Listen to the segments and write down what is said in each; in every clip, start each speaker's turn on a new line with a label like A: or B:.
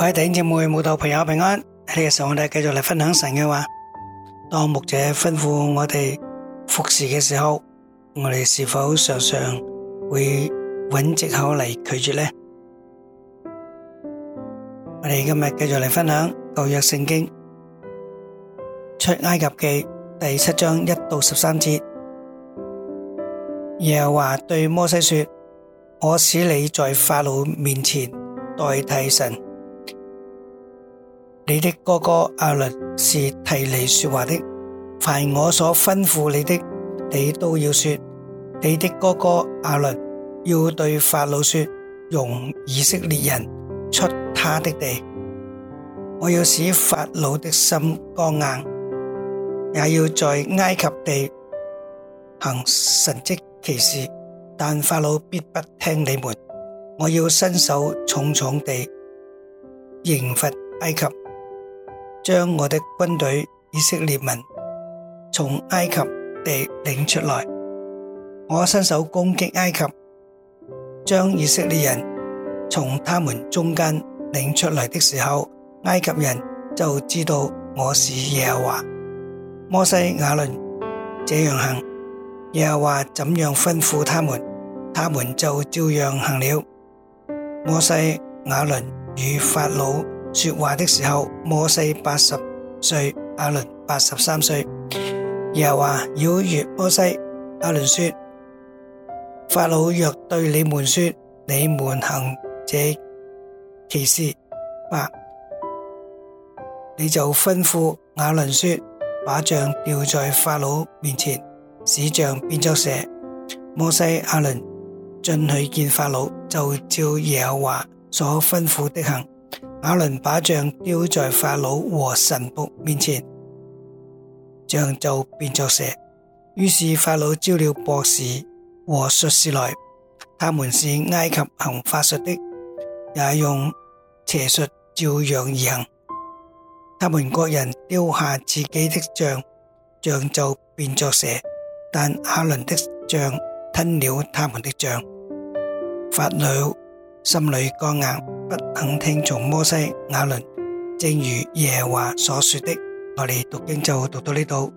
A: 各位弟兄姊妹、無道朋友平安，喺呢個時候我哋繼續嚟分享神嘅話，當牧者吩咐我哋服侍嘅時候，我哋是否常常會揾借口嚟拒絕呢？我哋今日繼續嚟分享舊約聖經出埃及記第七章一到十三節，耶和華對摩西說：我使你在法老面前代替神。你的哥哥亞倫是替你說話的，凡我所吩咐你的，你都要說。你的哥哥亞倫要對法老說：容以色列人出他的地。我要使法老的心剛硬，也要在埃及地行神蹟奇事，但法老必不聽你們。我要伸手重重地刑罰埃及。將我的軍隊以色列民從埃及地領出來，我伸手攻擊埃及，將以色列人從他們中間領出來的時候，埃及人就知道我是耶和華。摩西亞倫這樣行，耶和華怎樣吩咐他們，他們就照樣行了。摩西亞倫與法老。說話的時候，摩西八十歲，亞倫八十三歲。耶和華曉諭摩西、亞倫說：法老若對你們說，你們行這奇事，吧，你就吩咐亞倫說，把杖掉在法老面前，使杖變作蛇。摩西、亞倫進去見法老，就照耶和華所吩咐的行。阿倫把杖丟在法老和臣僕面前，杖就變作蛇。於是法老招了博士和術士來，他們是埃及行法術的，也用邪術照樣而行。他們各人丟下自己的杖，杖就變作蛇，但阿倫的杖吞了他們的杖。法老心裏剛硬，不肯聽從摩西、亞倫，正如耶和華所說的。我哋讀經就讀到呢度，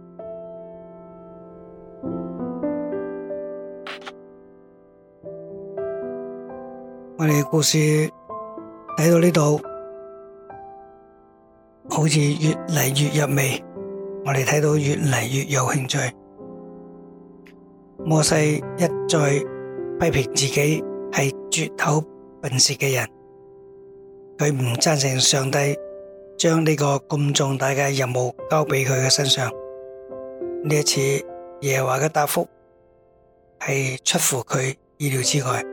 A: 我哋嘅故事睇到呢度，好似越嚟越入味，我哋睇到越嚟越有興趣。摩西一再批評自己係拙口。笨舌嘅人，佢唔贊成上帝將呢個咁重大嘅任務交俾佢嘅身上。呢一次耶華嘅答覆係出乎佢意料之外。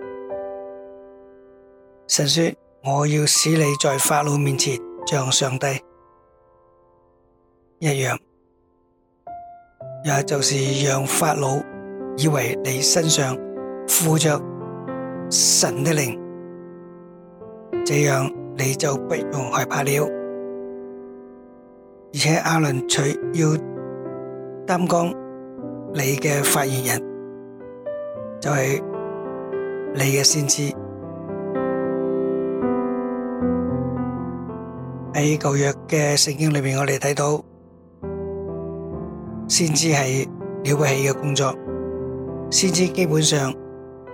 A: 神說：我要使你在法老面前像上帝一樣，也就是讓法老以為你身上附着神的靈。這樣你就不用害怕了，而且阿倫除要擔當你嘅發言人，就係你嘅先知。喺舊約嘅聖經裏面，我哋睇到先知係了不起嘅工作，先知基本上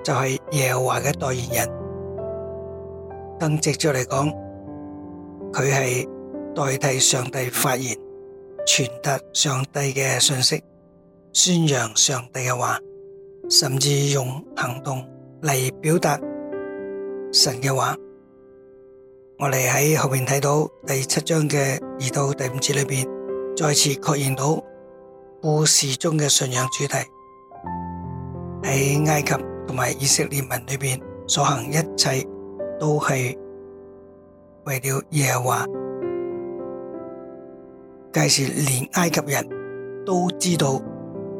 A: 就係耶和華嘅代言人。更直接嚟講，佢係代替上帝發言，傳達上帝嘅信息，宣揚上帝嘅話，甚至用行動嚟表達神嘅話。我哋喺後面睇到第七章嘅二到第五節裏邊，再次確認到故事中嘅信仰主題，喺埃及同埋以色列民裏邊所行一切。都係為了耶華，屆時連埃及人都知道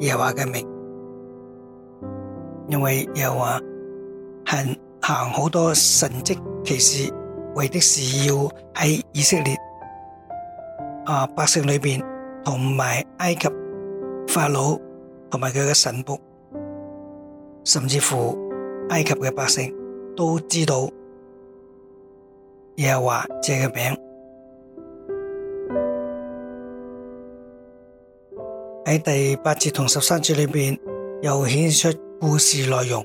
A: 耶華嘅名，因為耶華行行好多神迹奇事，為的是要喺以色列啊百姓裏面，同埋埃及法老同埋佢嘅神僕，甚至乎埃及嘅百姓都知道。也是說這個名在第八節和十三節裏面又顯示出故事內容，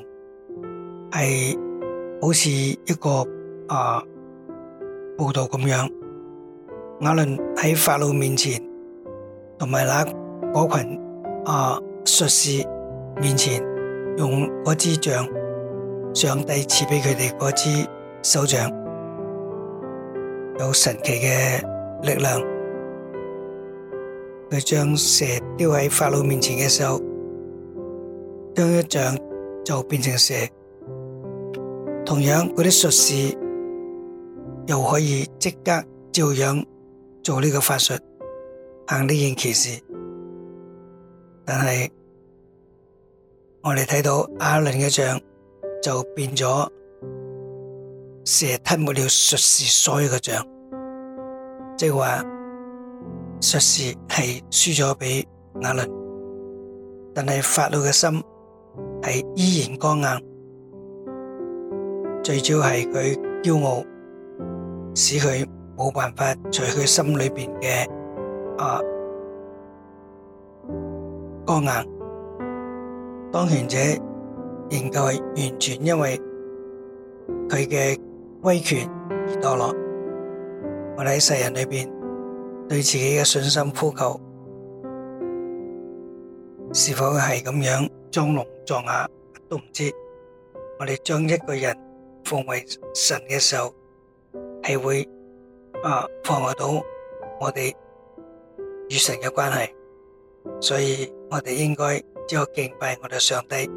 A: 是好像一個啊報道這樣，亞倫在法老面前，同埋那羣啊術士面前，用那支杖，上帝賜給他們那支手杖。有神奇嘅力量，佢將蛇丟喺法老面前嘅時候，將一杖就變成蛇。同樣，嗰啲術士又可以即刻照樣做呢個法術，行呢件奇事。但係我哋睇到亞倫嘅杖就變咗。蛇吞沒了術士所有嘅獎，即係話術士係輸咗俾亞倫，但係法老嘅心係依然剛硬，最主要係佢驕傲，使佢冇辦法除去心裏邊嘅啊剛硬當權者仍舊完全因為佢嘅。威權而墮落，我哋喺世人裏邊對自己嘅信心呼求，是否係咁樣裝聾作啞都唔知？我哋將一個人奉為神嘅時候，係會啊妨礙到我哋與神嘅關係，所以我哋應該只有敬拜我哋上帝，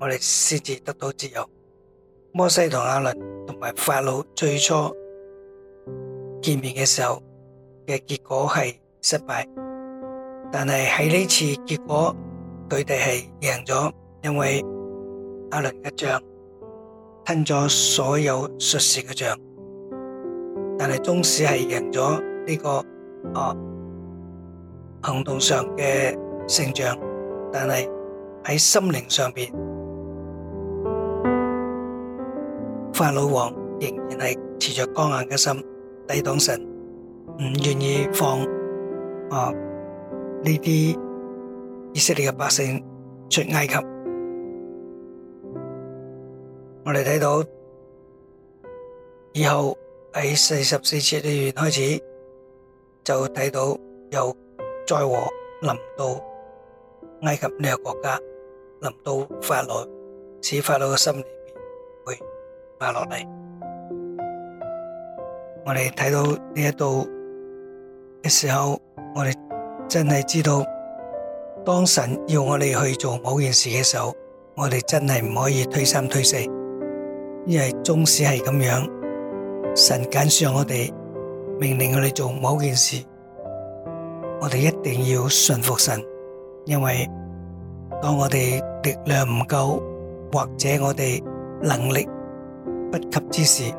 A: 我哋先至得到自由。摩西同亞倫。同埋法老最初見面嘅時候嘅結果係失敗，但係喺呢次結果佢哋係贏咗，因為阿倫嘅杖吞咗所有術士嘅杖，但係終始係贏咗呢個哦行動上嘅勝仗，但係喺心靈上邊。法老王仍然係持着剛硬嘅心，抵擋神，唔願意放啊呢啲以色列嘅百姓出埃及。我哋睇到以後喺四十四節嘅緣開始，就睇到有災禍臨到埃及呢個國家，臨到法老，使法老嘅心。下落嚟，我哋睇到呢一度嘅時候，我哋真係知道，當神要我哋去做某件事嘅時候，我哋真係唔可以推三推四，因為縱使係咁樣，神揀選我哋，命令我哋做某件事，我哋一定要順服神，因為當我哋力量唔夠，或者我哋能力。不及之時，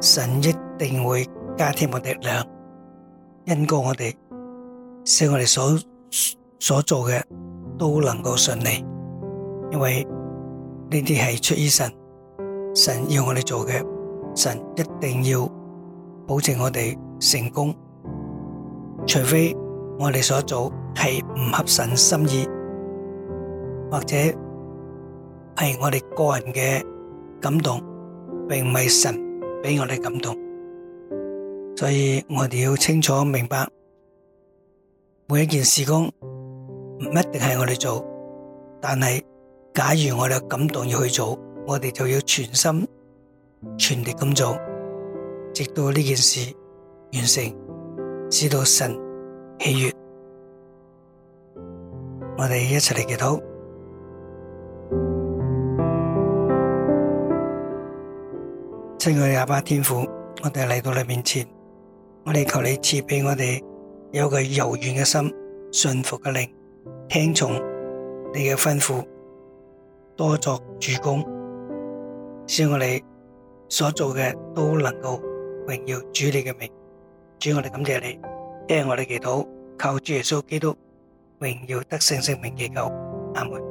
A: 神一定會加添我哋力量，恩光我哋，使我哋所所做嘅都能夠順利，因為呢啲係出於神，神要我哋做嘅，神一定要保證我哋成功，除非我哋所做係唔合神心意，或者係我哋個人嘅感動。並唔係神俾我哋感動，所以我哋要清楚明白每一件事工唔一定係我哋做，但係假如我哋有感動要去做，我哋就要全心全力咁做，直到呢件事完成，直到神喜悦，我哋一齊嚟祈禱。親愛嘅阿爸天父，我哋嚟到你面前，我哋求你賜俾我哋有個柔軟嘅心，順服嘅靈，聽從你嘅吩咐，多作主工，使我哋所做嘅都能夠榮耀主你嘅名。主，我哋感謝你，聽我哋祈禱，靠主耶穌基督，榮耀得勝聖名祈求。阿們。